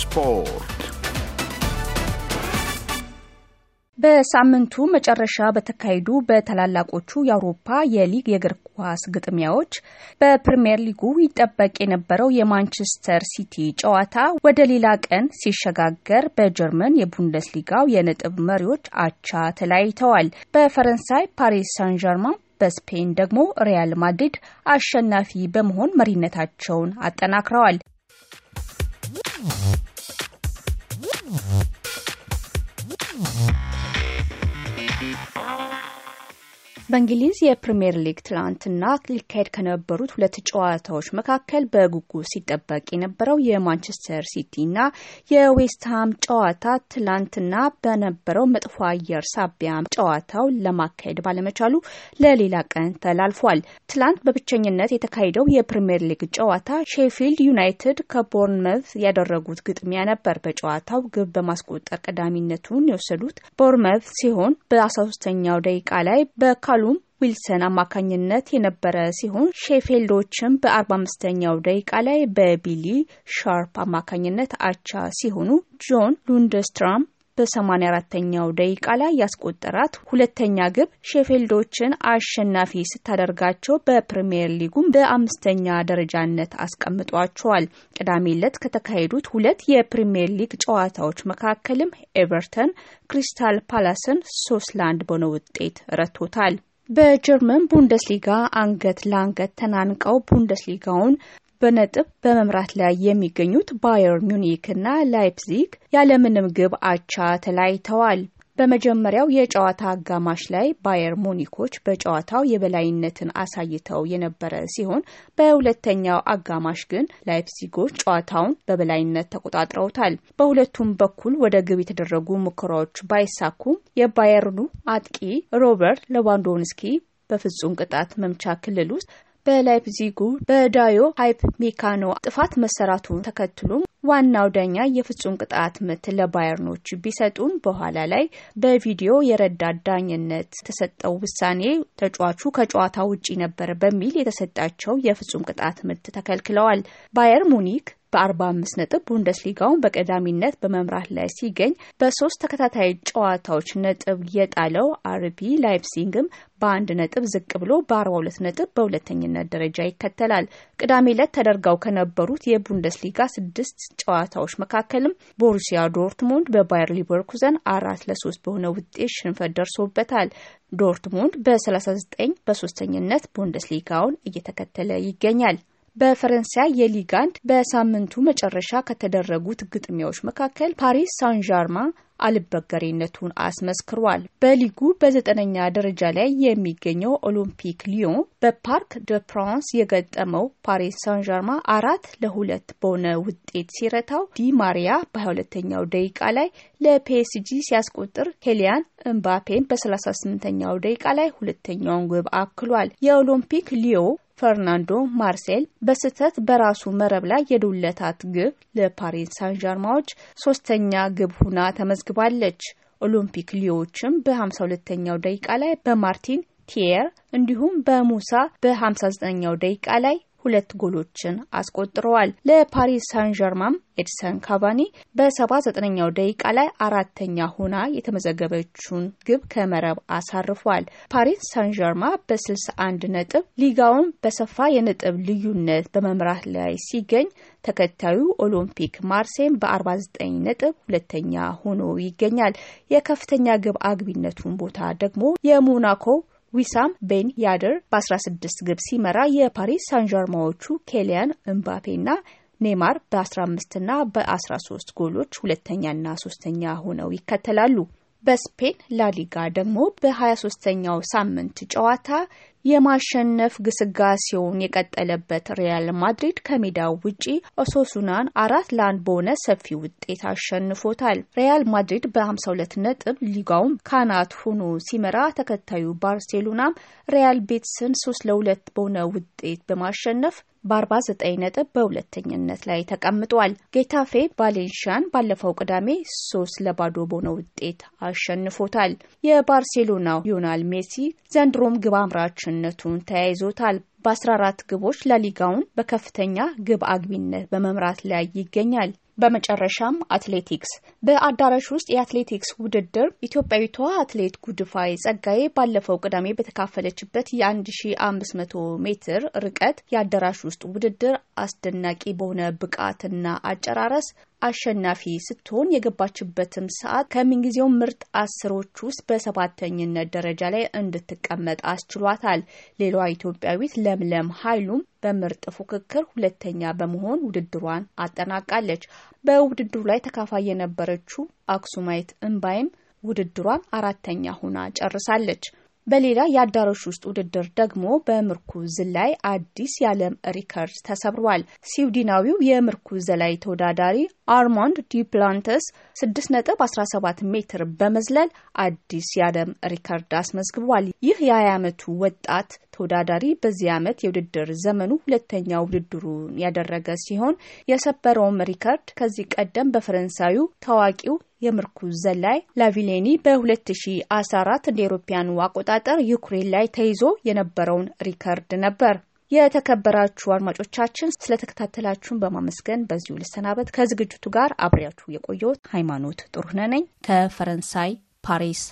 ስፖርት በሳምንቱ መጨረሻ በተካሄዱ በታላላቆቹ የአውሮፓ የሊግ የእግር ኳስ ግጥሚያዎች በፕሪምየር ሊጉ ይጠበቅ የነበረው የማንቸስተር ሲቲ ጨዋታ ወደ ሌላ ቀን ሲሸጋገር በጀርመን የቡንደስሊጋው የነጥብ መሪዎች አቻ ተለያይተዋል። በፈረንሳይ ፓሪስ ሳን ጀርማን በስፔን ደግሞ ሪያል ማድሪድ አሸናፊ በመሆን መሪነታቸውን አጠናክረዋል። Thank you. በእንግሊዝ የፕሪምየር ሊግ ትላንትና ሊካሄድ ከነበሩት ሁለት ጨዋታዎች መካከል በጉጉት ሲጠበቅ የነበረው የማንቸስተር ሲቲና የዌስትሃም ጨዋታ ትላንትና በነበረው መጥፎ አየር ሳቢያ ጨዋታው ለማካሄድ ባለመቻሉ ለሌላ ቀን ተላልፏል። ትላንት በብቸኝነት የተካሄደው የፕሪምየር ሊግ ጨዋታ ሼፊልድ ዩናይትድ ከቦርንመት ያደረጉት ግጥሚያ ነበር። በጨዋታው ግብ በማስቆጠር ቀዳሚነቱን የወሰዱት ቦርንመዝ ሲሆን በ13ኛው ደቂቃ ላይ በካ ቃሉም ዊልሰን አማካኝነት የነበረ ሲሆን ሼፌልዶችም በ45ኛው ደቂቃ ላይ በቢሊ ሻርፕ አማካኝነት አቻ ሲሆኑ ጆን ሉንደስትራም በ84ኛው ደቂቃ ላይ ያስቆጠራት ሁለተኛ ግብ ሼፌልዶችን አሸናፊ ስታደርጋቸው በፕሪምየር ሊጉም በአምስተኛ ደረጃነት አስቀምጧቸዋል። ቅዳሜ ዕለት ከተካሄዱት ሁለት የፕሪምየር ሊግ ጨዋታዎች መካከልም ኤቨርተን ክሪስታል ፓላስን ሶስት ለአንድ በሆነ ውጤት ረቶታል። በጀርመን ቡንደስሊጋ አንገት ለአንገት ተናንቀው ቡንደስሊጋውን በነጥብ በመምራት ላይ የሚገኙት ባየር ሚኒክ እና ላይፕዚግ ያለምንም ግብ አቻ ተለያይተዋል። በመጀመሪያው የጨዋታ አጋማሽ ላይ ባየር ሙኒኮች በጨዋታው የበላይነትን አሳይተው የነበረ ሲሆን በሁለተኛው አጋማሽ ግን ላይፕሲጎች ጨዋታውን በበላይነት ተቆጣጥረውታል። በሁለቱም በኩል ወደ ግብ የተደረጉ ሙከራዎች ባይሳኩም የባየርኑ አጥቂ ሮበርት ሌቫንዶውስኪ በፍጹም ቅጣት መምቻ ክልል ውስጥ በላይፕዚጉ በዳዮ ሃይፕ ሚካኖ ጥፋት መሰራቱን ተከትሎም ዋናው ዳኛ የፍጹም ቅጣት ምት ለባየርኖች ቢሰጡም በኋላ ላይ በቪዲዮ የረዳት ዳኝነት ተሰጠው ውሳኔ ተጫዋቹ ከጨዋታ ውጪ ነበር በሚል የተሰጣቸው የፍጹም ቅጣት ምት ተከልክለዋል። ባየር ሙኒክ በ45 ነጥብ ቡንደስሊጋውን በቀዳሚነት በመምራት ላይ ሲገኝ በሶስት ተከታታይ ጨዋታዎች ነጥብ የጣለው አርቢ ላይፕሲንግም በአንድ ነጥብ ዝቅ ብሎ በ42 ነጥብ በሁለተኝነት ደረጃ ይከተላል። ቅዳሜ ዕለት ተደርገው ከነበሩት የቡንደስሊጋ ስድስት ጨዋታዎች መካከልም ቦሩሲያ ዶርትሙንድ በባየር ሊቨርኩዘን አራት ለሶስት በሆነ ውጤት ሽንፈት ደርሶበታል። ዶርትሙንድ በ39 በሶስተኝነት ቡንደስሊጋውን እየተከተለ ይገኛል። በፈረንሳይ የሊግ አንድ በሳምንቱ መጨረሻ ከተደረጉት ግጥሚያዎች መካከል ፓሪስ ሳን ዣርማ አልበገሬነቱን አስመስክሯል። በሊጉ በዘጠነኛ ደረጃ ላይ የሚገኘው ኦሎምፒክ ሊዮን በፓርክ ደ ፕራንስ የገጠመው ፓሪስ ሳን ዣርማ አራት ለሁለት በሆነ ውጤት ሲረታው ዲ ማሪያ በ22ኛው ደቂቃ ላይ ለፒኤስጂ ሲያስቆጥር ኬሊያን እምባፔን በ38ኛው ደቂቃ ላይ ሁለተኛውን ግብ አክሏል። የኦሎምፒክ ሊዮ ፈርናንዶ ማርሴል በስህተት በራሱ መረብ ላይ የዱለታት ግብ ለፓሪስ ሳን ዣርማዎች ሶስተኛ ግብ ሁና ተመዝግባለች። ኦሎምፒክ ሊዮዎችም በ52ኛው ደቂቃ ላይ በማርቲን ቲየር እንዲሁም በሙሳ በ59ኛው ደቂቃ ላይ ሁለት ጎሎችን አስቆጥረዋል። ለፓሪስ ሳን ዠርማም ኤድሰን ካቫኒ በ79ኛው ደቂቃ ላይ አራተኛ ሆና የተመዘገበችውን ግብ ከመረብ አሳርፏል። ፓሪስ ሳን ዠርማ በ61 ነጥብ ሊጋውን በሰፋ የነጥብ ልዩነት በመምራት ላይ ሲገኝ ተከታዩ ኦሎምፒክ ማርሴን በ49 ነጥብ ሁለተኛ ሆኖ ይገኛል። የከፍተኛ ግብ አግቢነቱን ቦታ ደግሞ የሞናኮ ዊሳም ቤን ያደር በ16 ግብ ሲመራ የፓሪስ ሳንዣርማዎቹ ኬሊያን እምባፔና ኔማር በ15ና በ13 ጎሎች ሁለተኛና ሶስተኛ ሆነው ይከተላሉ። በስፔን ላሊጋ ደግሞ በ23ኛው ሳምንት ጨዋታ የማሸነፍ ግስጋሴውን የቀጠለበት ሪያል ማድሪድ ከሜዳው ውጪ ኦሶሱናን አራት ለአንድ በሆነ ሰፊ ውጤት አሸንፎታል። ሪያል ማድሪድ በ52 ነጥብ ሊጋውም ካናት ሆኖ ሲመራ፣ ተከታዩ ባርሴሎናም ሪያል ቤትስን ሶስት ለሁለት በሆነ ውጤት በማሸነፍ በ49 ነጥብ በሁለተኝነት ላይ ተቀምጧል። ጌታፌ ቫሌንሽያን ባለፈው ቅዳሜ ሶስት ለባዶ በሆነ ውጤት አሸንፎታል። የባርሴሎናው ሊዮኔል ሜሲ ዘንድሮም ግብ አምራችነቱን ተያይዞታል። በ14 ግቦች ላሊጋውን በከፍተኛ ግብ አግቢነት በመምራት ላይ ይገኛል። በመጨረሻም አትሌቲክስ በአዳራሽ ውስጥ የአትሌቲክስ ውድድር ኢትዮጵያዊቷ አትሌት ጉድፋይ ጸጋዬ ባለፈው ቅዳሜ በተካፈለችበት የ1500 ሜትር ርቀት የአዳራሽ ውስጥ ውድድር አስደናቂ በሆነ ብቃትና አጨራረስ አሸናፊ ስትሆን የገባችበትም ሰዓት ከምንጊዜው ምርጥ አስሮች ውስጥ በሰባተኝነት ደረጃ ላይ እንድትቀመጥ አስችሏታል። ሌላዋ ኢትዮጵያዊት ለምለም ኃይሉም በምርጥ ፉክክር ሁለተኛ በመሆን ውድድሯን አጠናቃለች። በውድድሩ ላይ ተካፋይ የነበረችው አክሱማይት እምባይም ውድድሯን አራተኛ ሆና ጨርሳለች። በሌላ የአዳራሽ ውስጥ ውድድር ደግሞ በምርኩዝ ዝላይ አዲስ የዓለም ሪከርድ ተሰብሯል። ስዊድናዊው የምርኩዝ ዘላይ ተወዳዳሪ አርማንድ ዲፕላንተስ 6.17 ሜትር በመዝለል አዲስ የዓለም ሪከርድ አስመዝግቧል። ይህ የ20 ዓመቱ ወጣት ተወዳዳሪ በዚህ ዓመት የውድድር ዘመኑ ሁለተኛ ውድድሩን ያደረገ ሲሆን የሰበረውም ሪከርድ ከዚህ ቀደም በፈረንሳዩ ታዋቂው የምርኩዝ ዘላይ ላቪሌኒ በ2014 እንደ ኤሮፓያኑ አቆጣጠር ዩክሬን ላይ ተይዞ የነበረውን ሪከርድ ነበር። የተከበራችሁ አድማጮቻችን ስለተከታተላችሁን በማመስገን በዚሁ ልሰናበት። ከዝግጅቱ ጋር አብሬያችሁ የቆየሁት ሃይማኖት ጥሩነህ ነኝ ከፈረንሳይ ፓሪስ።